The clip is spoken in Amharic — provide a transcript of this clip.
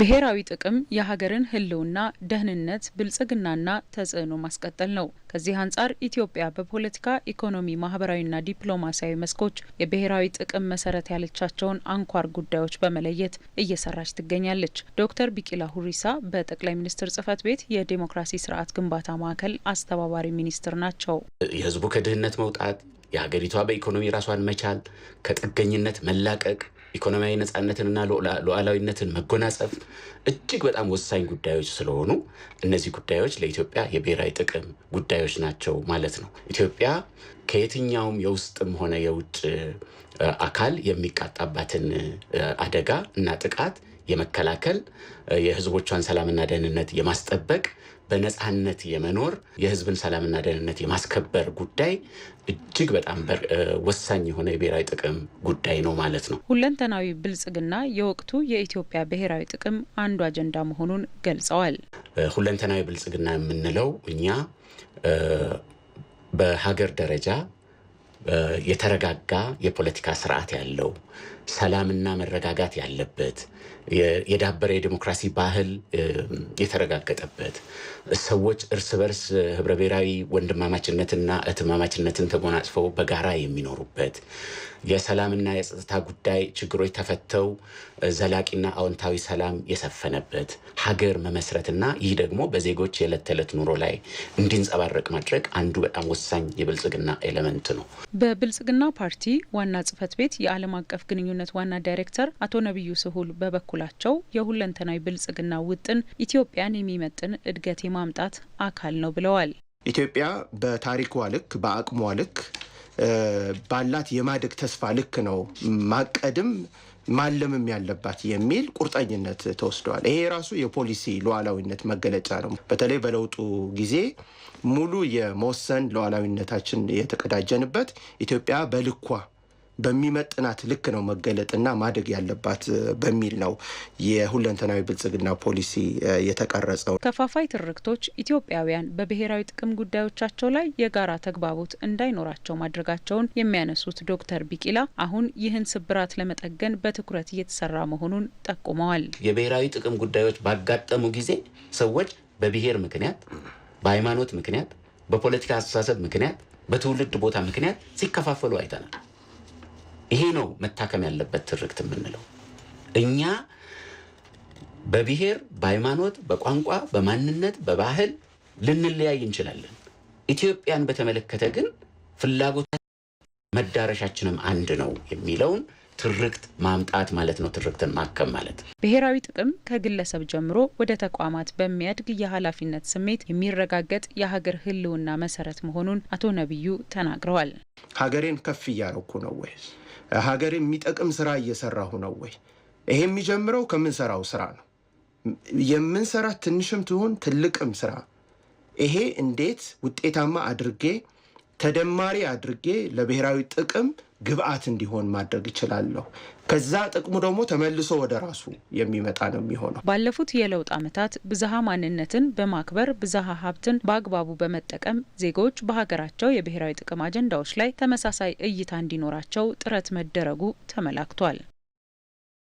ብሔራዊ ጥቅም የሀገርን ህልውና ደህንነት፣ ብልጽግናና ተጽዕኖ ማስቀጠል ነው። ከዚህ አንጻር ኢትዮጵያ በፖለቲካ ኢኮኖሚ፣ ማህበራዊና ዲፕሎማሲያዊ መስኮች የብሔራዊ ጥቅም መሰረት ያለቻቸውን አንኳር ጉዳዮች በመለየት እየሰራች ትገኛለች። ዶክተር ቢቂላ ሁሪሳ በጠቅላይ ሚኒስትር ጽህፈት ቤት የዴሞክራሲ ስርዓት ግንባታ ማዕከል አስተባባሪ ሚኒስትር ናቸው። የህዝቡ ከድህነት መውጣት፣ የሀገሪቷ በኢኮኖሚ ራሷን መቻል፣ ከጥገኝነት መላቀቅ ኢኮኖሚያዊ ነፃነትንና ሉዓላዊነትን መጎናጸፍ እጅግ በጣም ወሳኝ ጉዳዮች ስለሆኑ እነዚህ ጉዳዮች ለኢትዮጵያ የብሔራዊ ጥቅም ጉዳዮች ናቸው ማለት ነው። ኢትዮጵያ ከየትኛውም የውስጥም ሆነ የውጭ አካል የሚቃጣባትን አደጋ እና ጥቃት የመከላከል የህዝቦቿን ሰላምና ደህንነት የማስጠበቅ በነፃነት የመኖር የህዝብን ሰላምና ደህንነት የማስከበር ጉዳይ እጅግ በጣም ወሳኝ የሆነ የብሔራዊ ጥቅም ጉዳይ ነው ማለት ነው። ሁለንተናዊ ብልጽግና የወቅቱ የኢትዮጵያ ብሔራዊ ጥቅም አንዱ አጀንዳ መሆኑን ገልጸዋል። ሁለንተናዊ ብልጽግና የምንለው እኛ በሀገር ደረጃ የተረጋጋ የፖለቲካ ስርዓት ያለው ሰላምና መረጋጋት ያለበት የዳበረ የዲሞክራሲ ባህል የተረጋገጠበት ሰዎች እርስ በርስ ህብረ ብሔራዊ ወንድማማችነትና እህትማማችነትን ተጎናጽፈው በጋራ የሚኖሩበት የሰላምና የጸጥታ ጉዳይ ችግሮች ተፈተው ዘላቂና አዎንታዊ ሰላም የሰፈነበት ሀገር መመስረትና ይህ ደግሞ በዜጎች የዕለት ተዕለት ኑሮ ላይ እንዲንጸባረቅ ማድረግ አንዱ በጣም ወሳኝ የብልጽግና ኤለመንት ነው። በብልጽግና ፓርቲ ዋና ጽህፈት ቤት የዓለም አቀፍ ግንኙነት ዋና ዳይሬክተር አቶ ነቢዩ ስሁል በበኩላቸው የሁለንተናዊ ብልጽግና ውጥን ኢትዮጵያን የሚመጥን እድገት የማምጣት አካል ነው ብለዋል። ኢትዮጵያ በታሪኳ ልክ፣ በአቅሟ ልክ፣ ባላት የማደግ ተስፋ ልክ ነው ማቀድም ማለምም ያለባት የሚል ቁርጠኝነት ተወስደዋል። ይሄ ራሱ የፖሊሲ ሉዓላዊነት መገለጫ ነው። በተለይ በለውጡ ጊዜ ሙሉ የመወሰን ሉዓላዊነታችን የተቀዳጀንበት ኢትዮጵያ በልኳ በሚመጥናት ልክ ነው መገለጥና ማደግ ያለባት በሚል ነው የሁለንተናዊ ብልጽግና ፖሊሲ የተቀረጸው። ከፋፋይ ትርክቶች ኢትዮጵያውያን በብሔራዊ ጥቅም ጉዳዮቻቸው ላይ የጋራ ተግባቦት እንዳይኖራቸው ማድረጋቸውን የሚያነሱት ዶክተር ቢቂላ አሁን ይህን ስብራት ለመጠገን በትኩረት እየተሰራ መሆኑን ጠቁመዋል። የብሔራዊ ጥቅም ጉዳዮች ባጋጠሙ ጊዜ ሰዎች በብሔር ምክንያት፣ በሃይማኖት ምክንያት፣ በፖለቲካ አስተሳሰብ ምክንያት፣ በትውልድ ቦታ ምክንያት ሲከፋፈሉ አይተናል። ይሄ ነው መታከም ያለበት ትርክት የምንለው። እኛ በብሔር፣ በሃይማኖት፣ በቋንቋ፣ በማንነት፣ በባህል ልንለያይ እንችላለን። ኢትዮጵያን በተመለከተ ግን ፍላጎታችን መዳረሻችንም አንድ ነው የሚለውን ትርክት ማምጣት ማለት ነው። ትርክትን ማከም ማለት ብሔራዊ ጥቅም ከግለሰብ ጀምሮ ወደ ተቋማት በሚያድግ የኃላፊነት ስሜት የሚረጋገጥ የሀገር ሕልውና መሰረት መሆኑን አቶ ነቢዩ ተናግረዋል። ሀገሬን ከፍ እያረኩ ነው ወይስ ሀገር የሚጠቅም ስራ እየሰራሁ ነው ወይ? ይሄ የሚጀምረው ከምንሰራው ስራ ነው። የምንሰራት ትንሽም ትሆን ትልቅም ስራ ይሄ እንዴት ውጤታማ አድርጌ ተደማሪ አድርጌ ለብሔራዊ ጥቅም ግብአት እንዲሆን ማድረግ እችላለሁ። ከዛ ጥቅሙ ደግሞ ተመልሶ ወደ ራሱ የሚመጣ ነው የሚሆነው። ባለፉት የለውጥ ዓመታት ብዝሃ ማንነትን በማክበር ብዝሃ ሀብትን በአግባቡ በመጠቀም ዜጎች በሀገራቸው የብሔራዊ ጥቅም አጀንዳዎች ላይ ተመሳሳይ እይታ እንዲኖራቸው ጥረት መደረጉ ተመላክቷል።